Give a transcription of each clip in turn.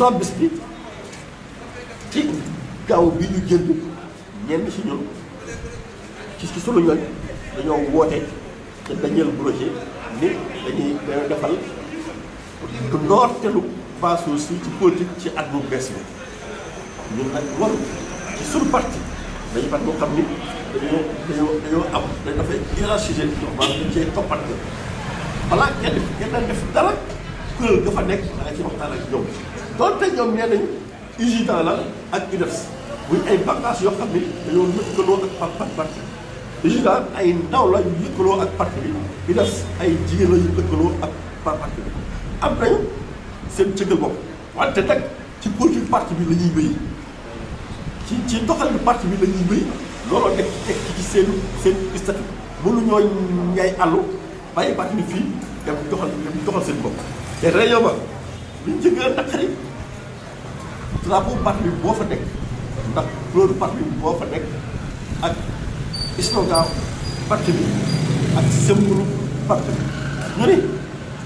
sans bis bi ci gaaw bi ñu génn ñenn si ñun ci ci sunu ñooñ dañoo woote te dañeel projet ni dañuy dañoo defal du noortelu paasoo si ci politique ci at mu bees bi ñun nag war ci sunu parti dañu bat boo xam ni dañoo dañoo dañoo am dañ dafay hiérarchisé normal dañ cee toppante balaa kenn kenn def dara kuréel ga nekk da nga ci waxtaan ak ñoom lool donte ñoom ne nañ UGIDA la ak UDEPS muy ay bànqaas yoo xam ni dañoo lëkkaloo ak par parti UGIDA ay ndaw la yu ak parti bi UDEPS ay jigéen la yu lëkkaloo ak par parti bi am nañ seen cëggal bopp wante nag ci politique parti bi la ñuy wéy ci ci doxalin parti bi la ñuy wéy looloo nekk nekk ci seen seen statut ñoo ñay àllu bàyyi parti bi fii dem doxal dem doxal seen bopp te réunion ba liñ ci gën a naqari drapeau parti bi boo fa teg ndax loolu parti bi boo fa teg ak slogan parti bi ak symbole parti bi ñu ne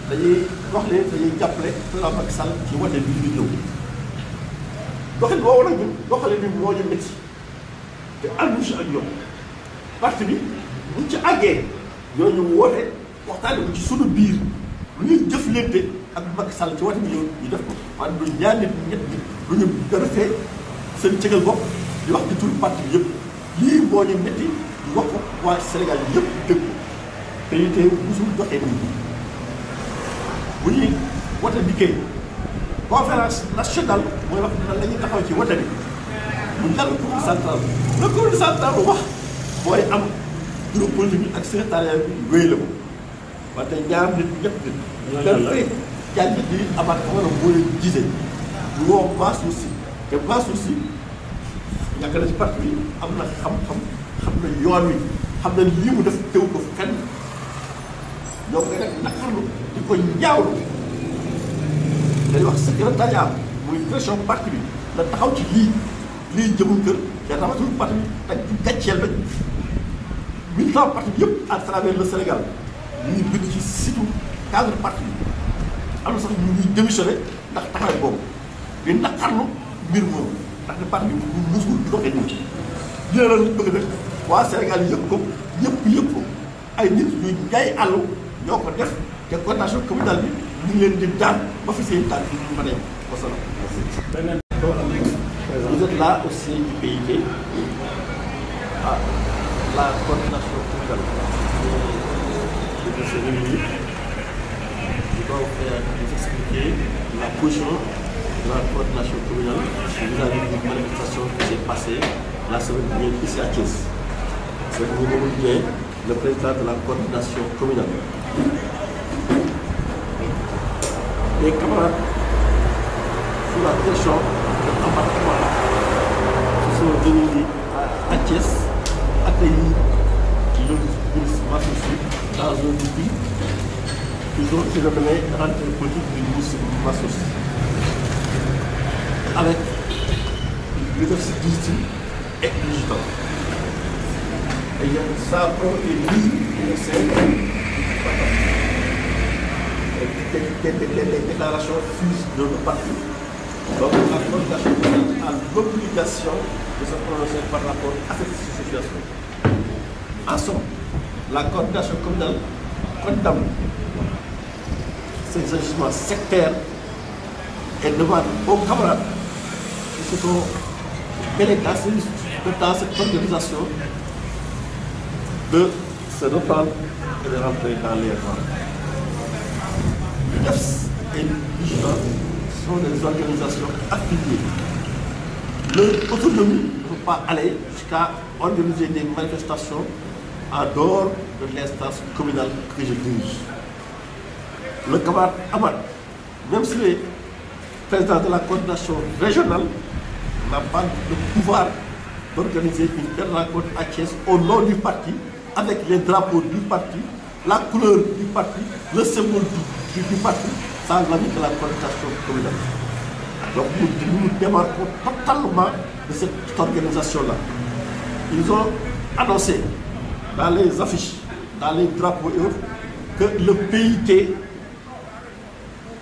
dañuy wax ne dañuy jàppale président Macky Sall ci wate bi ñu ñëw doxin woowu nag ñun doxalin bi moo ñu métti te ànduñu si ak ñoom parti bi buñ ci àggee yooyu woote waxtaane ko ci sunu biir lu ñuy jëflante ak Macky Sall ci waxtu bi yow ñu def ko wante du ñaar nit ñett nit du ñu refee seen cëgal bopp di wax ci turu parti yëpp lii moo ñu métti di wax ko waa Sénégal yi yëpp dégg te ñu tey musul doxee nii bu ñuy wote bi kay conférence nationale mooy wax dina la taxaw ci wote bi mu dal comité central la comité central wax mooy am bureau politique bi ak secrétariat bi wéy la ko wante ñaar nit ñëpp nit. ñooñu lan jàng bi amat xamal moo leen gisee ñu woo Mansour Sy te Mansour Sy ñàkk na ci parti bi am na xam-xam xam na yoon wi xam na lii mu def teew ko fenn ñoom nga nag naqarlu di ko ñaawlu dañuy wax secrétariat muy direction parti bi la taxaw ci lii lii jëmul kër te taxaw ci parti bi te gàcceel rek militant parti bi yëpp à travers le Sénégal. ñu bëgg ci surtout cadre parti am na sax ñu ngi démissionné ndax taxawaay boobu di naqarlu mbir moomu ndax ne parti bi musul doxee ñu ci dina la bëgg def waa Sénégal yëpp yëpp ko ay nit ñu jaay àllu ñoo ko def te coordination communale bi ñu leen di daan ba fi seen tànk bi mën a yem wasalaam vous de se réunir. Je dois vous faire expliquer la position de la coordination communale vis-à-vis manifestation qui s'est passée la semaine dernière ici à Thiès. C'est Mamadou de la coordination communale. Mes camarades sous la direction de Amath Camara se sont réunis à Thiès, accueillis le plus massif dans un outil toujours qui reconnaît rentrée politique du bourse Massouf. Avec le déficit d'outils et digital. Et il y a ça pour et lui, il sait les déclarations fusent de nos Donc la coordination a l'obligation de se prononcer par rapport à cette situation. la coordination communale condamne ces agissements sectaires et demande aux camarades qui se sont mêlés dans, cette, dans cette organisation de se reprendre et de rentrer dans les rangs. L'UDEFS et l'UJA sont des organisations affiliées. Leur autonomie ne pas aller jusqu'à organiser des manifestations en dehors de l'instance communale Le camarade Amad, même président de la coordination régionale, n'a pas le pouvoir d'organiser une telle rencontre à Thiès au nom du parti, avec les drapeaux du parti, la couleur du parti, le symbole du, parti, sans l'avis la coordination communale. Donc nous nous démarquons totalement de cette organisation-là. Ils ont annoncé dans les affiches, dans les drapeaux et autres, que le PIT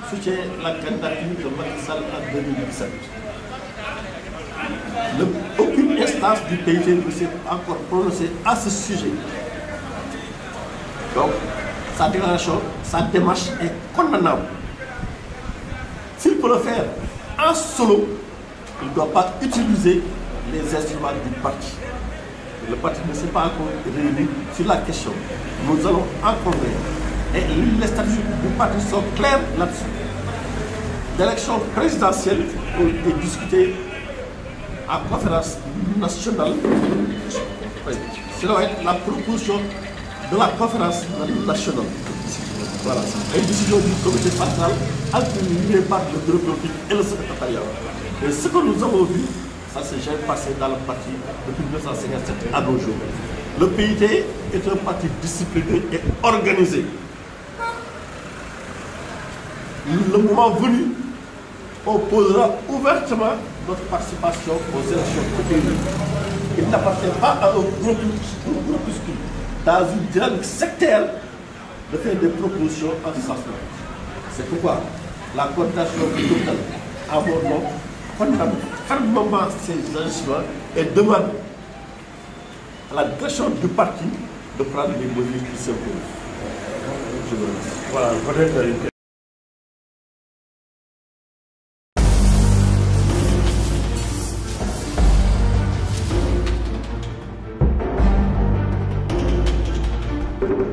soutient la candidature de Le, aucune instance du PIT ne encore prononcée à ce sujet. Donc, sa déclaration, sa démarche est condamnable. S'il peut le faire en solo, il ne doit pas utiliser les instruments du parti. Le parti ne s'est pas encore réuni sur la question. Nous allons encore Et les statuts du parti sont clairs là-dessus. L'élection présidentielle a été discutée à conférence nationale. C'est la proposition de la conférence nationale. Voilà, une décision du comité central, administrée par le bureau et le secrétariat. Et ce que nous avons vu, Ça, c'est j'ai passé dans le parti depuis 1957 à nos jours. Le PIT est un parti discipliné et organisé. Le moment venu, on posera ouvertement notre participation aux élections Il n'appartient pas à un groupuscule dans une dynamique sectaire de faire des propositions en ce sens C'est pourquoi la coordination totale à fermement ces agissements et demande à la direction du parti de prendre les mesures qui s'imposent. Je vous remercie. Voilà, peut-être une